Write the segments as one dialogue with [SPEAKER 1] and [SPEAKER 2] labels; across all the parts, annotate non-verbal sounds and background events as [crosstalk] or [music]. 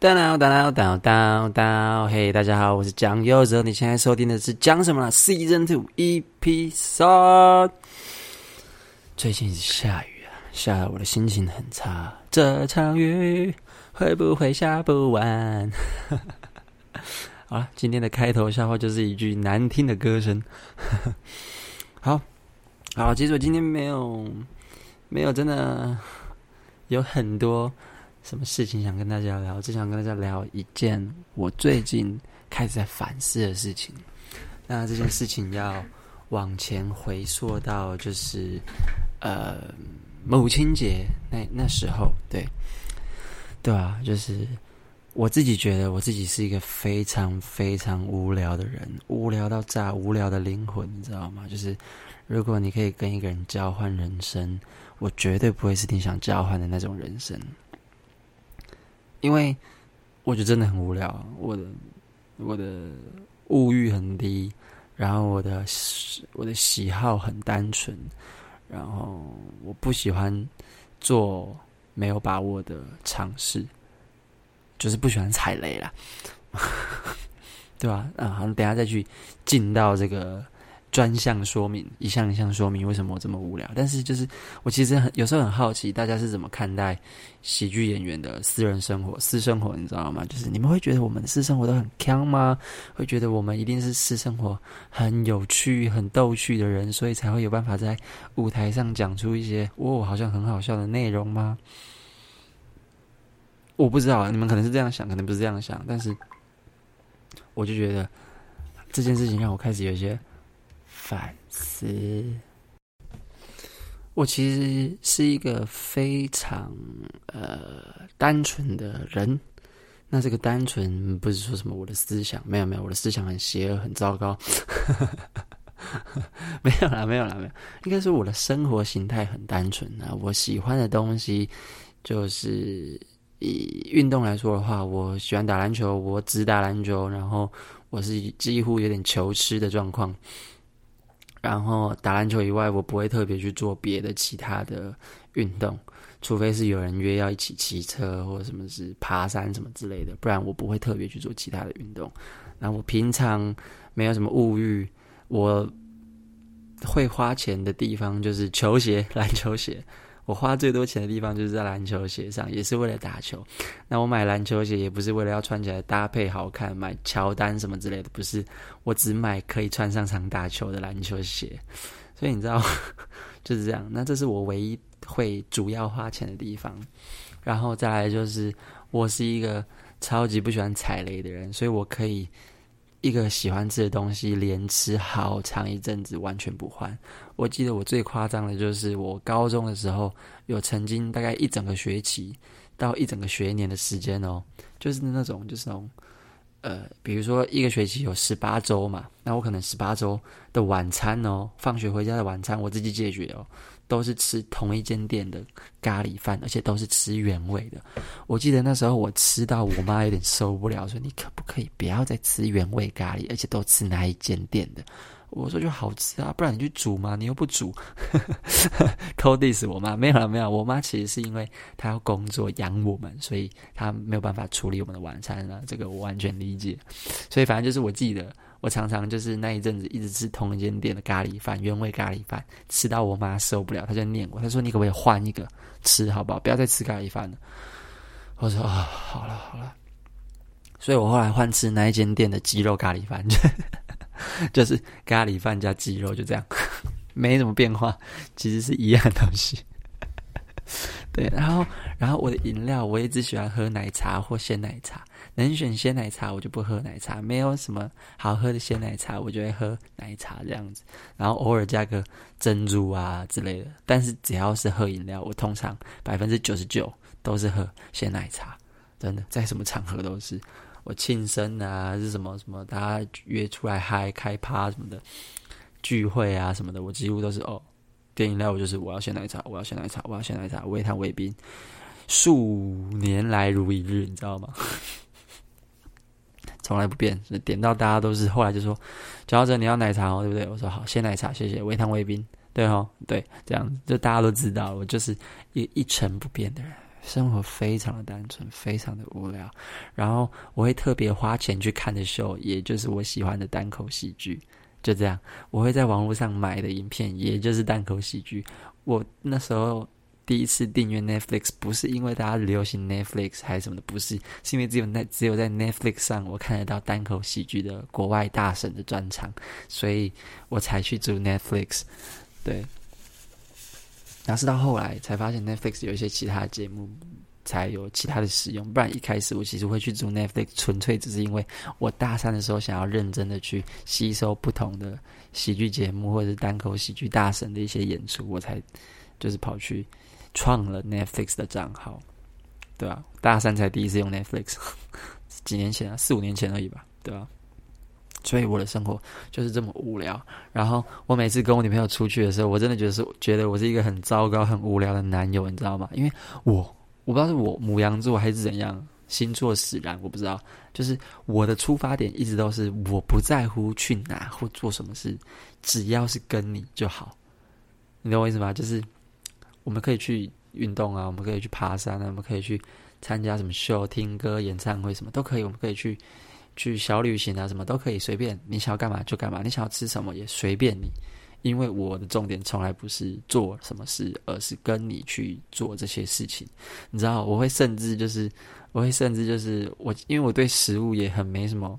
[SPEAKER 1] Down down down，嘿，大家好，我是蔣佑哲，o，你現在收聽的是《講什麼啦》Season Two Episode。最近是下雨啊，下的我的心情很差。這場雨會不會下不完？ [laughs] 好了，今天的開頭笑話就是一句難聽的歌聲。 [laughs] 好，好，其實我今天沒有，沒有，真的有很多。什麼事情想跟大家聊？只想跟大家聊一件我最近開始在反思的事情。那這件事情要往前回溯到，就是呃母親節那那時候，對對啊，就是我自己覺得，我自己是一個非常非常無聊的人，無聊到炸，無聊的靈魂，你知道嗎？就是如果你可以跟一個人交換人生，我絕對不會是你想交換的那種人生。因為我覺得真的很無聊，我的我的物欲很低，然後我的我的喜好很單純，然後我不喜歡做沒有把握的嘗試，就是不喜歡踩雷啦。 [laughs] 對吧？啊，好，等一下再去進到這個。專項說明，一項一項說明為什麼我這麼無聊。但是就是我其實很有時候很好奇，大家是怎麼看待喜劇演員的私人生活、私生活？你知道嗎？就是你們會覺得我們私生活都很鏘嗎？會覺得我們一定是私生活很有趣、很逗趣的人，所以才會有辦法在舞台上講出一些哦，好像很好笑的內容嗎？我不知道，你們可能是這樣想，可能不是這樣想。但是我就覺得這件事情讓我開始有一些。反思，我其實是一個非常呃單純的人。那這個單純不是說什麼我的思想沒有沒有，我的思想很邪惡很糟糕，， [laughs] 沒有啦沒有啦沒有，應該是我的生活形態很單純啊。我喜歡的東西就是以運動來說的話，我喜歡打籃球，我只打籃球，然後我是幾乎有點球痴的狀況。然後打籃球以外，我不會特別去做別的其他的運動，除非是有人約要一起騎車或者什麼是爬山什麼之類的，不然我不會特別去做其他的運動。然後我平常沒有什麼物欲，我會花錢的地方就是球鞋，籃球鞋。我花最多錢的地方就是在籃球鞋上，也是為了打球。那我買籃球鞋也不是為了要穿起來搭配好看，買喬丹什麼之類的，不是。我只買可以穿上場打球的籃球鞋。所以你知道，就是這樣。那這是我唯一會主要花錢的地方。然後再來就是，我是一個超級不喜歡踩雷的人，所以我可以。一個喜歡吃的東西，連吃好長一陣子，完全不換。我記得我最誇張的就是，我高中的時候有曾經大概一整個學期到一整個學年的時間哦，就是那種就是那種呃，比如說一個學期有十八周嘛，那我可能十八周的晚餐哦，放學回家的晚餐我自己解決哦。都是吃同一間店的咖喱飯，而且都是吃原味的。我記得那時候我吃到我媽有點受不了，說：“你可不可以不要再吃原味咖喱？而且都吃哪一間店的？”我說：“就好吃啊，不然你去煮嘛，你又不煮。”偷 diss 我媽沒有了，沒有。我媽其實是因為她要工作養我們，所以她沒有辦法處理我們的晚餐了啊。這個我完全理解。所以反正就是我記得。我常常就是那一陣子一直吃同一間店的咖喱飯，原味咖喱飯，吃到我媽受不了，她就念我，她說：“你可不可以換一個吃，好不好？不要再吃咖喱飯了。”我說：“啊、哦，好了好了。”所以，我後來換吃那一間店的雞肉咖喱飯就，就是咖喱飯加雞肉，就這樣，沒什麼變化，其實是一樣的東西。對，然後，然後我的飲料，我一直喜歡喝奶茶或鮮奶茶。能選鮮奶茶，我就不喝奶茶；沒有什麼好喝的鮮奶茶，我就會喝奶茶這樣子。然後偶爾加個珍珠啊之類的。但是只要是喝飲料，我通常百分之九十九都是喝鮮奶茶，真的，在什麼場合都是。我慶生啊，是什麼什麼，大家約出來嗨開趴什麼的聚會啊什麼的，我幾乎都是哦，點飲料我就是我要鮮奶茶，我要鮮奶茶，我要鮮奶，奶茶，微糖微冰，數年來如一日，你知道嗎？ [laughs] 從來不變，點到大家都是。後來就說，佼佼你要奶茶哦，對不對？我說好，鮮奶茶謝謝。微糖微冰，對吼、哦，對，這樣子就大家都知道，我就是一一成不變的人，生活非常的單純，非常的無聊。然後我會特別花錢去看的秀，也就是我喜歡的單口喜劇，就這樣。我會在網絡上買的影片，也就是單口喜劇。我那時候。第一次訂閱 Netflix 不是因為大家流行 Netflix 還是什麼的，不是，是因為只有那只有在 Netflix 上我看得到單口喜劇的國外大神的專場，所以我才去租 Netflix。對，然後是到後來才發現 Netflix 有一些其他節目才有其他的使用，不然一開始我其實會去租 Netflix，純粹只是因為我大三的時候想要認真的去吸收不同的喜劇節目或者是單口喜劇大神的一些演出，我才就是跑去。創了 Netflix 的賬號，對吧、啊？大三才第一次用 Netflix， [laughs] 幾年前啊，四五年前而已吧，對吧、啊？所以我的生活就是這麼無聊。然後我每次跟我女朋友出去的時候，我真的覺得是覺得我是一個很糟糕、很無聊的男友，你知道嗎？因為我我不知道是我牡羊座還是怎樣星座使然，我不知道。就是我的出發點一直都是我不在乎去哪或做什麼事，只要是跟你就好。你懂我意思嗎？就是。我們可以去運動啊，我們可以去爬山啊，我們可以去參加什麼秀、聽歌、演唱會什麼都可以。我們可以去去小旅行啊，什麼都可以，隨便你想要幹嘛就幹嘛，你想要吃什麼也隨便你。因為我的重點從來不是做什麼事，而是跟你去做這些事情。你知道，我會甚至就是，我會甚至就是我，因為我對食物也很沒什麼，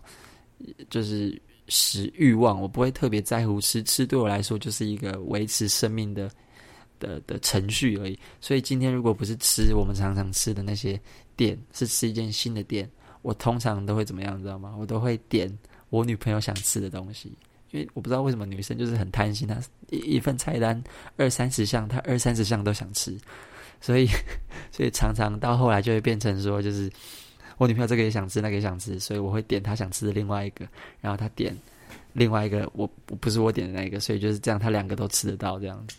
[SPEAKER 1] 就是食欲望，我不會特別在乎吃吃，對我來說，就是一個維持生命的。的的程序，而已，所以今天如果不是吃我們常常吃的那些店，是吃一間新的店，我通常都會怎麼樣，你知道嗎？我都會點我女朋友想吃的東西，因為我不知道為什麼女生就是很貪心，她一一份菜單二三十項，她二三十項都想吃，所以所以常常到後來就會變成說，就是我女朋友這個也想吃，那個也想吃，所以我會點她想吃的另外一個，然後她點另外一個，我我不是我點的那個，所以就是這樣，她兩個都吃得到這樣子。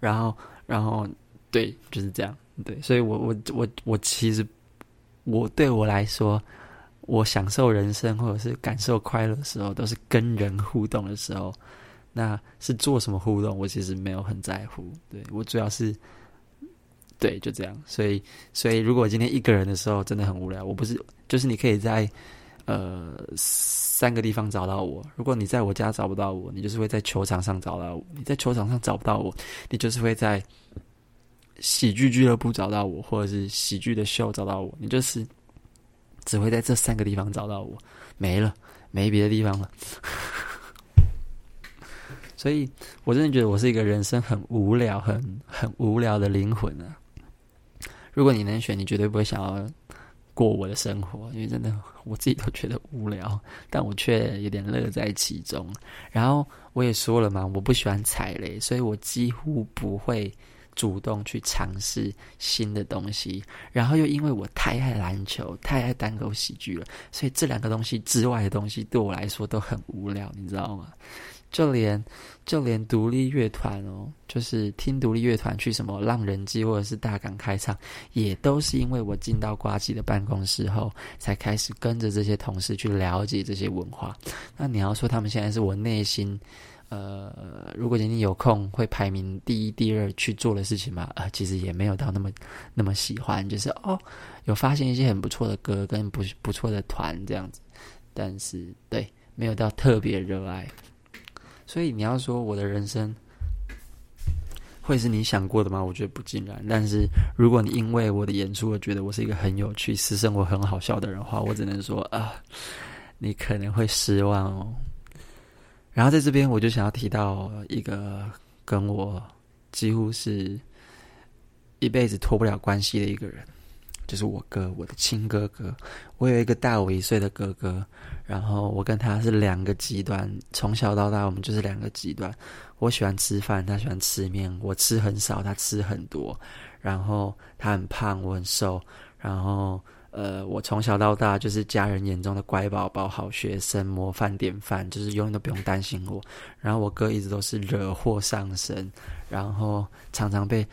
[SPEAKER 1] 然後，然後，對，就是這樣，對，所以我我我我其實，我對我來說，我享受人生或者是感受快樂的時候，都是跟人互動的時候，那是做什麼互動，我其實沒有很在乎，對，我主要是，對，就這樣，所以，所以如果今天一個人的時候真的很無聊，我不是，就是你可以在。呃，三個地方找到我。如果你在我家找不到我，你就是會在球場上找到我；你在球場上找不到我，你就是會在喜劇俱樂部找到我，或者是喜劇的秀找到我。你就是只會在這三個地方找到我，沒了，沒別的地方了。 [laughs] 所以我真的覺得我是一個人生很無聊、很很無聊的靈魂啊。如果你能選，你絕對不會想要。過我的生活，因為真的我自己都覺得無聊，但我卻有點樂在其中。然後我也說了嘛，我不喜歡踩雷，所以我幾乎不會主動去嘗試新的東西。然後又因為我太愛籃球，太愛單口喜劇了，所以這兩個東西之外的東西對我來說都很無聊，你知道嗎？就連就連獨立樂團哦，就是聽獨立樂團去什麼浪人祭或者是大港開唱，也都是因為我進到呱吉的辦公室後，才開始跟着這些同事去了解這些文化。那你要說他們現在是我內心呃，如果今天有空會排名第一、第二去做的事情嘛？啊、呃，其實也沒有到那麼那麼喜歡，就是哦，有發現一些很不錯的歌跟不不錯的團這樣子，但是對，沒有到特別熱愛。所以你要說我的人生會是你想過的嗎？我覺得不盡然。但是如果你因為我的演出而覺得我是一個很有趣、私生活很好笑的人的話，我只能說啊，你可能會失望哦。然後在這邊，我就想要提到一個跟我幾乎是一輩子脫不了關係的一個人。就是我哥，我的親哥哥。我有一個大我一歲的哥哥，然後我跟他是兩個極端。從小到大，我們就是兩個極端。我喜歡吃飯，他喜歡吃麵。我吃很少，他吃很多。然後他很胖，我很瘦。然後，呃，我從小到大就是家人眼中的乖寶寶、好學生、模範典範，就是永遠都不用擔心我。然後我哥一直都是惹禍上身，然後常常被。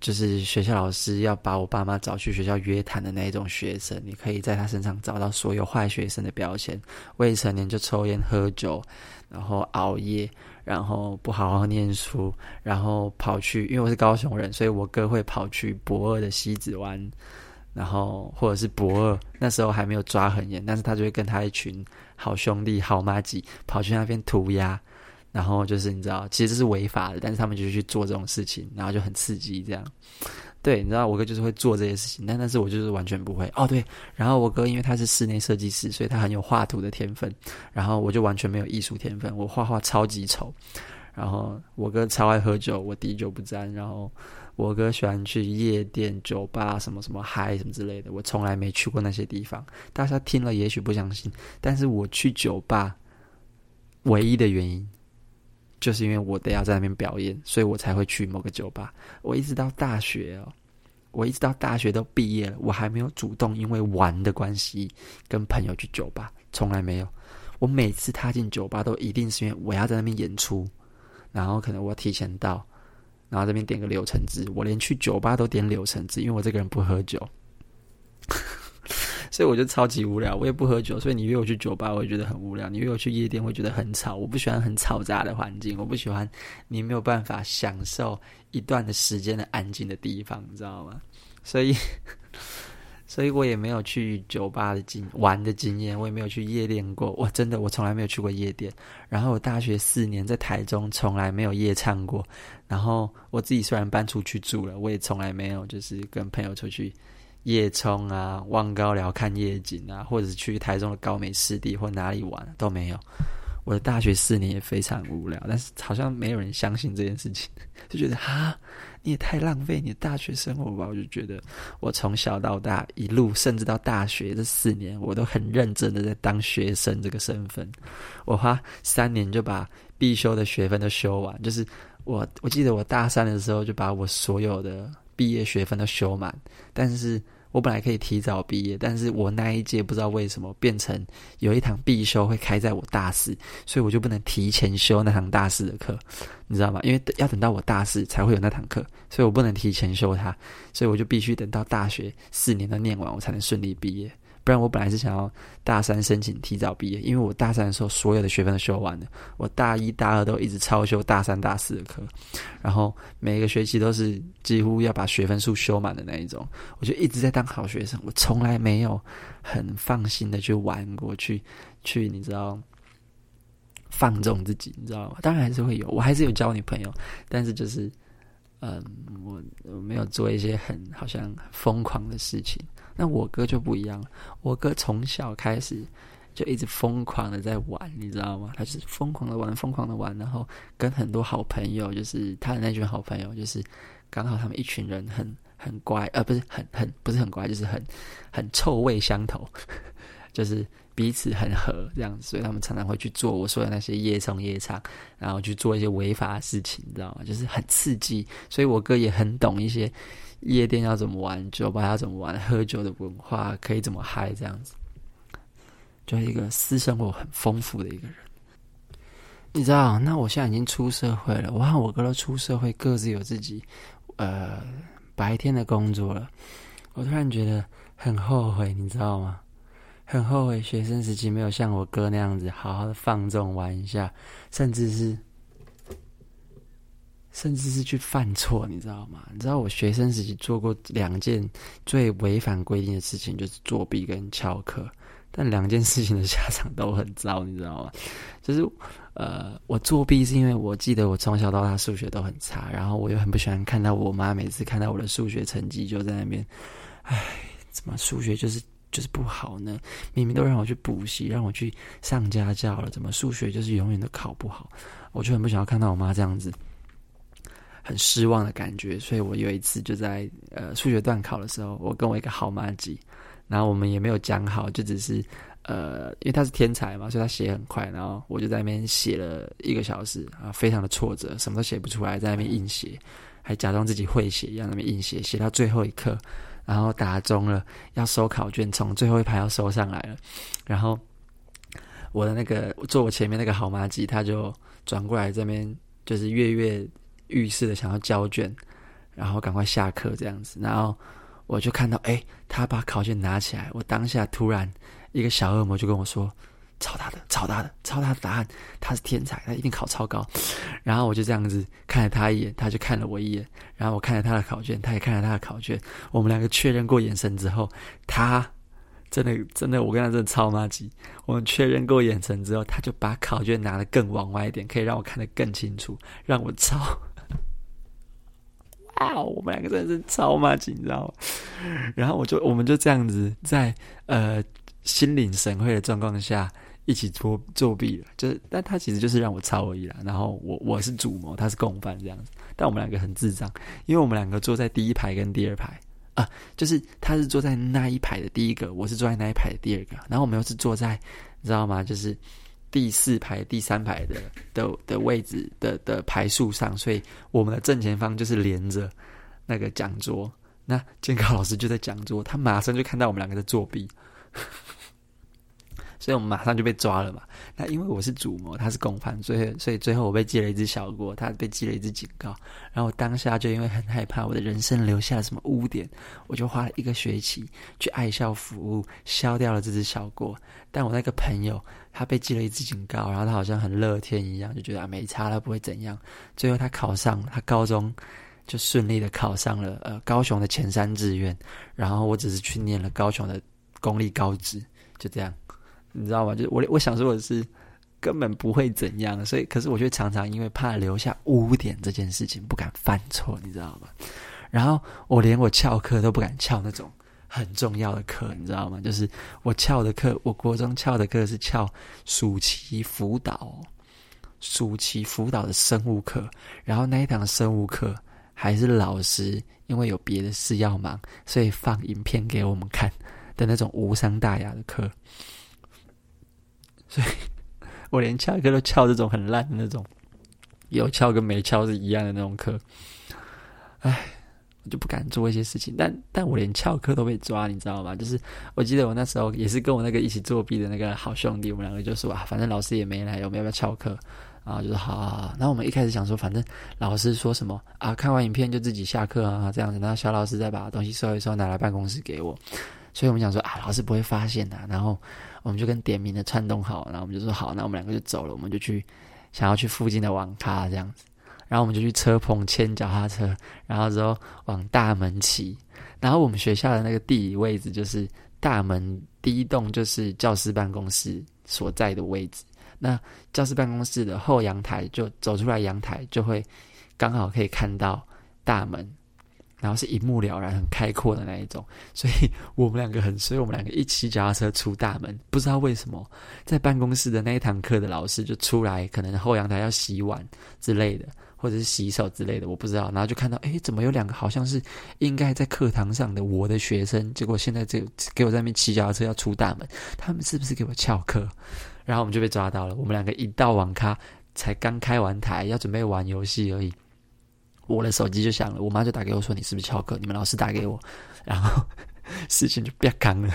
[SPEAKER 1] 就是學校老師要把我爸媽找去學校約談的那一種學生，你可以在他身上找到所有壞學生的標籤。未成年就抽菸喝酒，然後熬夜，然後不好好念書，然後跑去。因為我是高雄人，所以我哥會跑去駁二的西子灣，然後或者是駁二那時候還沒有抓很嚴，但是他就會跟他一群好兄弟、好麻吉跑去那邊塗鴉。然後就是你知道，其實這是違法的，但是他們就去做這種事情，然後就很刺激這樣。對，你知道我哥就是會做這些事情，但但是我就是完全不會。哦，對。然後我哥因為他是室內設計師，所以他很有畫圖的天分。然後我就完全沒有藝術天分，我畫畫超級醜。然後我哥超愛喝酒，我滴酒不沾。然後我哥喜歡去夜店、酒吧什麼什麼嗨什麼之類的，我從來沒去過那些地方。大家聽了也許不相信，但是我去酒吧唯一的原因。就是因為我得要在那邊表演，所以我才會去某個酒吧。我一直到大學哦，我一直到大學都畢業了，我還沒有主動因為玩的關係跟朋友去酒吧，從來沒有。我每次踏進酒吧都一定是因為我要在那邊演出，然後可能我提前到，然後這邊點個柳橙汁。我連去酒吧都點柳橙汁，因為我這個人不喝酒。所以我就超級無聊，我也不喝酒，所以你約我去酒吧，我會覺得很無聊；你約我去夜店，會覺得很吵。我不喜歡很嘈雜的環境，我不喜歡你沒有辦法享受一段的時間的安靜的地方，你知道嗎？所以，所以我也沒有去酒吧的經玩的經驗，我也沒有去夜店過。我真的，我從來沒有去過夜店。然後我大學四年在台中，從來沒有夜唱過。然後我自己雖然搬出去住了，我也從來沒有就是跟朋友出去。夜衝啊，望高寮看夜景啊，或者去台中的高美濕地或哪裡玩都沒有。我的大學四年也非常無聊，但是好像沒有人相信這件事情，就覺得哈，你也太浪費你的大學生活吧。我就覺得我從小到大一路，甚至到大學這四年，我都很認真的在當學生這個身份。我花三年就把必修的學分都修完，就是我我記得我大三的時候就把我所有的畢業學分都修滿，但是。我本來可以提早畢業，但是我那一屆不知道為什麼變成有一堂必修會開在我大四，所以我就不能提前修那堂大四的課，你知道嗎？因為要等到我大四才會有那堂課，所以我不能提前修它，所以我就必須等到大學四年的念完，我才能順利畢業。不然我本來是想要大三申請提早畢業，因為我大三的時候所有的學分都修完了。我大一大二都一直超修大三大四的課，然後每一個學期都是幾乎要把學分數修滿的那一種。我就一直在當好學生，我從來沒有很放心的去玩過去，去去你知道放縱自己，你知道嗎？當然還是會有，我還是有交女朋友，但是就是嗯，我我沒有做一些很好像瘋狂的事情。那我哥就不一樣了，我哥從小開始就一直瘋狂的在玩，你知道嗎？他就是瘋狂的玩，瘋狂的玩，然後跟很多好朋友，就是他的那群好朋友，就是剛好他們一群人很很乖，呃，不是很很不是很乖，就是很很臭味相投， [laughs] 就是彼此很合這樣子，所以他們常常會去做我說的那些夜衝夜唱，然後去做一些違法的事情，你知道嗎？就是很刺激，所以我哥也很懂一些。夜店要怎麼玩，酒吧要怎麼玩，喝酒的文化可以怎麼嗨，這樣子，就是一個私生活很豐富的一個人。你知道，那我現在已經出社會了，我和我哥都出社會，各自有自己，呃，白天的工作了。我突然覺得很後悔，你知道嗎？很後悔學生時期沒有像我哥那樣子好好的放縱玩一下，甚至是。甚至是去犯錯，你知道嗎？你知道我學生時期做過兩件最違反規定的事情，就是作弊跟翹課。但兩件事情的下場都很糟，你知道嗎？就是呃，我作弊是因為我記得我從小到大數學都很差，然後我又很不喜歡看到我媽每次看到我的數學成績就在那邊，唉，怎麼數學就是就是不好呢？明明都讓我去補習，讓我去上家教了，怎麼數學就是永遠都考不好？我就很不想要看到我媽這樣子。很失望的感覺，所以我有一次就在呃數學段考的時候，我跟我一個好麻吉，然後我們也沒有講好，就只是呃，因為他是天才嘛，所以他寫很快，然後我就在那邊寫了一個小時啊，非常的挫折，什麼都寫不出來，在那邊硬寫，還假裝自己會寫一樣那邊硬寫，寫到最後一刻，然後打鐘了，要收考卷，從最後一排要收上來了，然後我的那個坐我前面那個好麻吉，他就轉過來這邊，就是月月。預示的想要交卷，然後趕快下課這樣子，然後我就看到，哎、欸，他把考卷拿起來，我當下突然一個小惡魔就跟我說：“抄他的，抄他的，抄他的答案，他是天才，他一定考超高。”然後我就這樣子看了他一眼，他就看了我一眼，然後我看了他的考卷，他也看了他的考卷，我們兩個確認過眼神之後，他真的真的，我跟他真的超麻吉。我們確認過眼神之後，他就把考卷拿得更往外一點，可以讓我看得更清楚，讓我抄。啊，我們兩個真的是抄嘛，緊張。然後我就我們就這樣子在，在呃心領神會的狀況下一起作作弊了。就是，但他其實就是讓我抄而已啦。然後我我是主謀，他是共犯這樣子。但我們兩個很智障，因為我們兩個坐在第一排跟第二排啊，就是他是坐在那一排的第一個，我是坐在那一排的第二個。然後我們又是坐在，你知道嗎？就是。第四排、第三排的的的位置的的排數上，所以我們的正前方就是連着那個講桌。那監考老師就在講桌，他馬上就看到我們兩個在作弊， [laughs] 所以我們馬上就被抓了嘛。那因為我是主謀，他是共犯，所以所以最後我被記了一支小過，他被記了一支警告。然後我當下就因為很害怕我的人生留下了什麼污點，我就花了一個學期去愛校服務，消掉了這支小過。但我那個朋友。他被記了一次警告，然後他好像很樂天一樣，就覺得啊，沒差，他不會怎樣。最後他考上，他高中就順利的考上了呃高雄的前三志願，然後我只是去念了高雄的公立高職，就這樣，你知道嗎？就我我想說的是根本不會怎樣，所以可是我卻常常因為怕留下污點這件事情不敢犯錯，你知道嗎？然後我連我翹課都不敢翹那種。很重要的課，你知道嗎？就是我翹的課，我國中翹的課是翹暑期輔導，暑期輔導的生物課。然後那一堂生物課，還是老師因為有別的事要忙，所以放影片給我們看的那種無傷大雅的課。所以我連翹的課都翹這種很爛的那種，有翹跟沒翹是一樣的那種課。哎。不敢做一些事情，但但我連翹課都被抓，你知道嗎？就是我記得我那時候也是跟我那個一起作弊的那個好兄弟，我們兩個就說啊，反正老師也沒來，我們要不要翹課？然後就說好，好，好。然後我們一開始想說，反正老師說什麼啊，看完影片就自己下課啊這樣子。然後小老師再把東西收一收，拿來辦公室給我。所以我們想說啊，老師不會發現的啊。然後我們就跟點名的串通好，然後我們就說好，那我們兩個就走了，我們就去想要去附近的網咖這樣子。然後我們就去車棚牽腳踏車，然後之後往大門騎。然後我們學校的那個地理位置就是大門第一棟就是教師辦公室所在的位置。那教師辦公室的後陽台，就走出來陽台就會剛好可以看到大門，然後是一目了然、很開闊的那一種。所以我們兩個很，所以我們兩個一起腳踏車出大門，不知道為什麼在辦公室的那一堂課的老師就出來，可能後陽台要洗碗之類的。或者是洗手之類的，我不知道。然後就看到，哎、欸，怎麼有兩個好像是應該在課堂上的我的學生，結果現在這給我在那邊騎腳踏車要出大門，他們是不是給我翹課？然後我們就被抓到了。我們兩個一到網咖，才剛開完台，要準備玩遊戲而已，我的手機就響了，我媽就打給我說：“你是不是翹課？”你們老師打給我，然後事情就變扛了。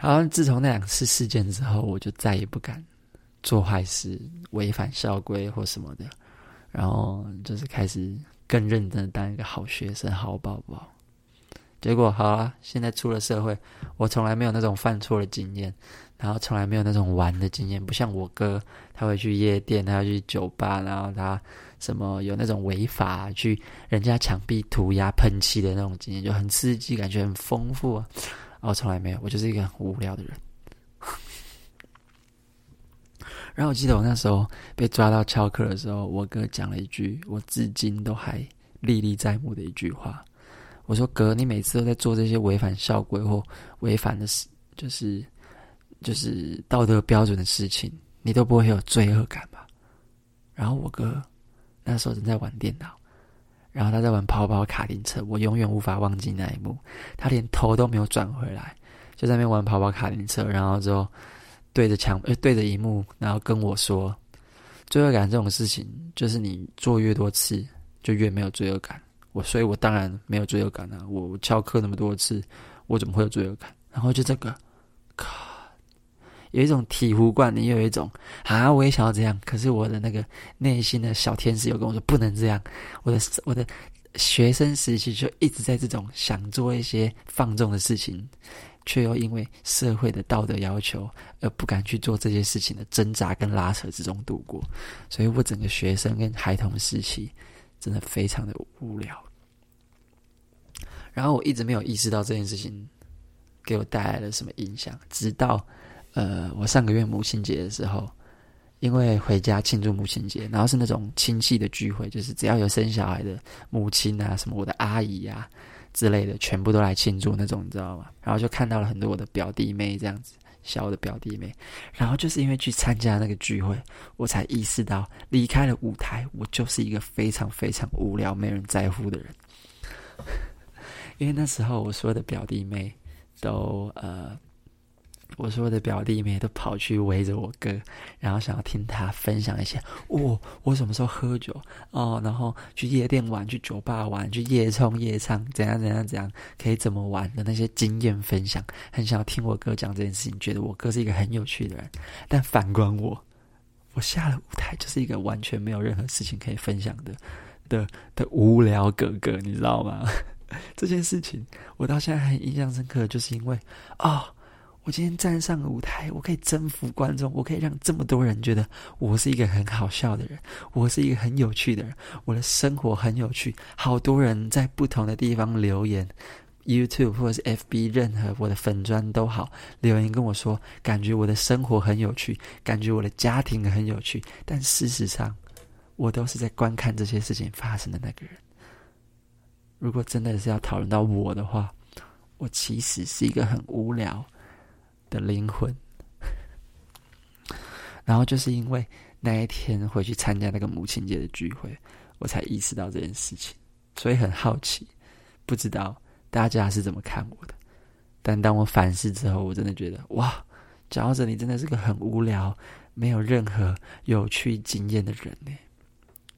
[SPEAKER 1] 然後自從那兩次事件之後，我就再也不敢做壞事、違反校規或什麼的。然後就是開始更認真的當一個好學生、好寶寶。結果好啊，現在出了社會，我從來沒有那種犯錯的經驗，然後從來沒有那種玩的經驗，不像我哥，他會去夜店，他要去酒吧，然後他什麼有那種違法去人家牆壁塗鴉、噴漆的那種經驗，就很刺激，感覺很豐富啊。然後我從來沒有，我就是一個很無聊的人。然後我記得我那時候被抓到翹課的時候，我哥講了一句我至今都還歷歷在目的一句話。我說：“哥，你每次都在做這些違反校規或違反的事，就是就是道德標準的事情，你都不會很有罪惡感吧？”然後我哥那時候正在玩電腦，然後他在玩跑跑卡丁車。我永遠無法忘記那一幕，他連頭都沒有轉回來，就在那邊玩跑跑卡丁車。然後之後。對着牆，哎、呃，對着熒幕，然後，跟我說，罪惡感這種事情，就是你做越多次，就越沒有罪惡感。我，所以我當然沒有罪惡感啊，我翹課那麼多次，我怎麼會有罪惡感？然後就這個，有一種醍醐灌頂，有一種，體你有一種啊，我也想要這樣，可是我的那個內心的小天使又跟我說，不能這樣。我的我的學生時期就一直在這種想做一些放縱的事情，卻又因為社會的道德要求而不敢去做這些事情的掙扎跟拉扯之中度過，所以我整個學生跟孩童時期真的非常的無聊。然後我一直沒有意識到這件事情給我帶來了什麼影響，直到呃我上個月母親節的時候，因為回家慶祝母親節，然後是那種親戚的聚會，就是只要有生小孩的母親啊，什麼我的阿姨啊。之類的，全部都來慶祝那種，你知道嗎？然後就看到了很多我的表弟妹這樣子，小我的表弟妹。然後就是因為去參加那個聚會，我才意識到離開了舞台，我就是一個非常非常無聊、沒人在乎的人。 [laughs] 因為那時候，我所有的表弟妹都呃。我所有的表弟妹都跑去圍着我哥，然後想要聽他分享一些哦，我什麼時候喝酒哦，然後去夜店玩，去酒吧玩，去夜衝、夜唱怎樣怎樣怎樣，可以怎麼玩的那些經驗分享，很想要聽我哥講這件事情，覺得我哥是一個很有趣的人。但反觀我，我下了舞台就是一個完全沒有任何事情可以分享的的的無聊哥哥，你知道嗎？ [laughs] 這件事情我到現在還印象深刻，就是因為哦。我今天站上個舞台，我可以征服觀眾，我可以讓這麼多人覺得我是一個很好笑的人，我是一個很有趣的人，我的生活很有趣。好多人在不同的地方留言，YouTube 或者是 FB，任何我的粉專都好，留言跟我說，感覺我的生活很有趣，感覺我的家庭很有趣。但事實上，我都是在觀看這些事情發生的那個人。如果真的是要討論到我的話，我其實是一個很無聊的靈魂， [laughs] 然後就是因為那一天回去參加那個母親節的聚會，我才意識到這件事情。所以很好奇，不知道大家是怎麼看我的。但當我反思之後，我真的覺得，哇，喬治，你真的是個很無聊、沒有任何有趣經驗的人呢！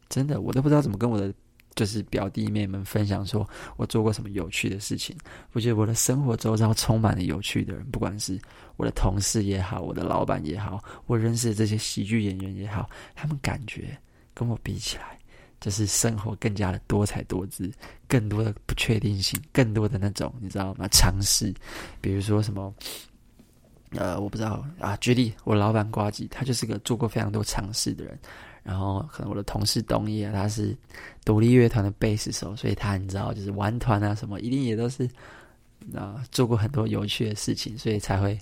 [SPEAKER 1] 真的，我都不知道怎麼跟我的。就是表弟妹們分享說，我做過什麼有趣的事情。我覺得我的生活周遭充滿了有趣的人，不管是我的同事也好，我的老闆也好，我認識的這些喜劇演員也好，他們感覺跟我比起來，就是生活更加的多彩多姿，更多的不確定性，更多的那種，你知道嗎？嘗試，比如說什麼，呃，我不知道啊。舉例，我老闆呱吉，他就是個做過非常多嘗試的人。然後，可能我的同事東野他是獨立樂團的貝斯手，所以他你知道就是玩團啊什麼，一定也都是啊做過很多有趣的事情，所以才會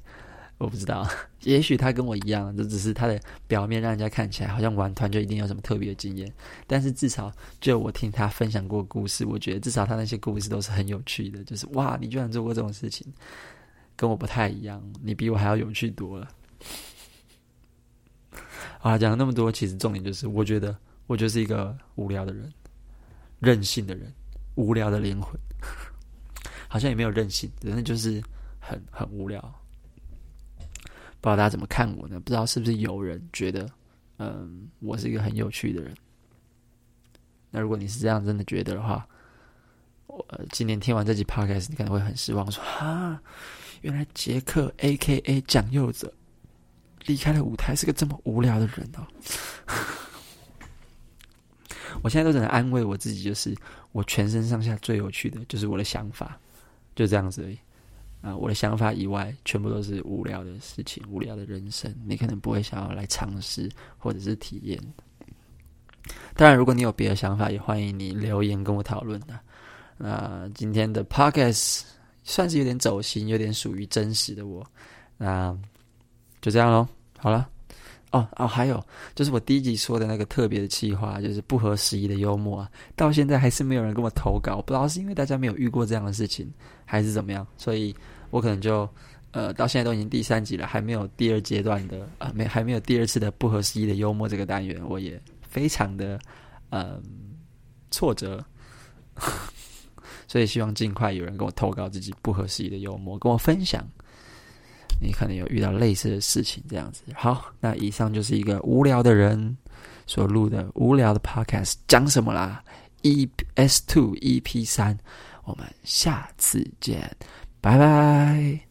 [SPEAKER 1] 我不知道，也許他跟我一樣，這只是他的表面，讓人家看起來好像玩團就一定有什麼特別的經驗。但是至少就我聽他分享過故事，我覺得至少他那些故事都是很有趣的，就是哇，你居然做過這種事情，跟我不太一樣，你比我還要有趣多了。啊，講了那麼多，其實重點就是，我覺得我就是一個無聊的人，任性的人，無聊的靈魂， [laughs] 好像也沒有任性，人類就是很很無聊。不知道大家怎麼看我呢？不知道是不是有人覺得，嗯，我是一個很有趣的人。那如果你是這樣真的覺得的話，我、呃、今年聽完這集 podcast，你可能會很失望，說哈，原來傑克 （A.K.A.） 蔣右者。離開了舞台，是個這麼無聊的人哦、喔！我現在都只能安慰我自己，就是我全身上下最有趣的，就是我的想法，就這樣子而已。啊，我的想法以外，全部都是無聊的事情，無聊的人生。你可能不會想要來嘗試或者是體驗。當然，如果你有別的想法，也歡迎你留言跟我討論的。那今天的 podcast 算是有點走心，有點屬於真實的我。那。就這樣咯，好啦，哦哦，還有就是我第一集說的那個特別的企劃，就是不合時宜的幽默啊，到現在還是沒有人跟我投稿，不知道是因為大家沒有遇過這樣的事情，還是怎麼樣，所以，我可能就，呃，到現在都已經第三集了，還沒有第二階段的啊，沒、呃、還沒有第二次的不合時宜的幽默這個單元，我也非常的，嗯、呃、挫折， [laughs] 所以希望盡快有人跟我投稿自己不合時宜的幽默，跟我分享。你可能有遇到類似的事情，這樣子。好，那以上就是一個無聊的人所錄的無聊的 podcast，講什麼啦？EP S2 EP3，我們下次見，拜拜。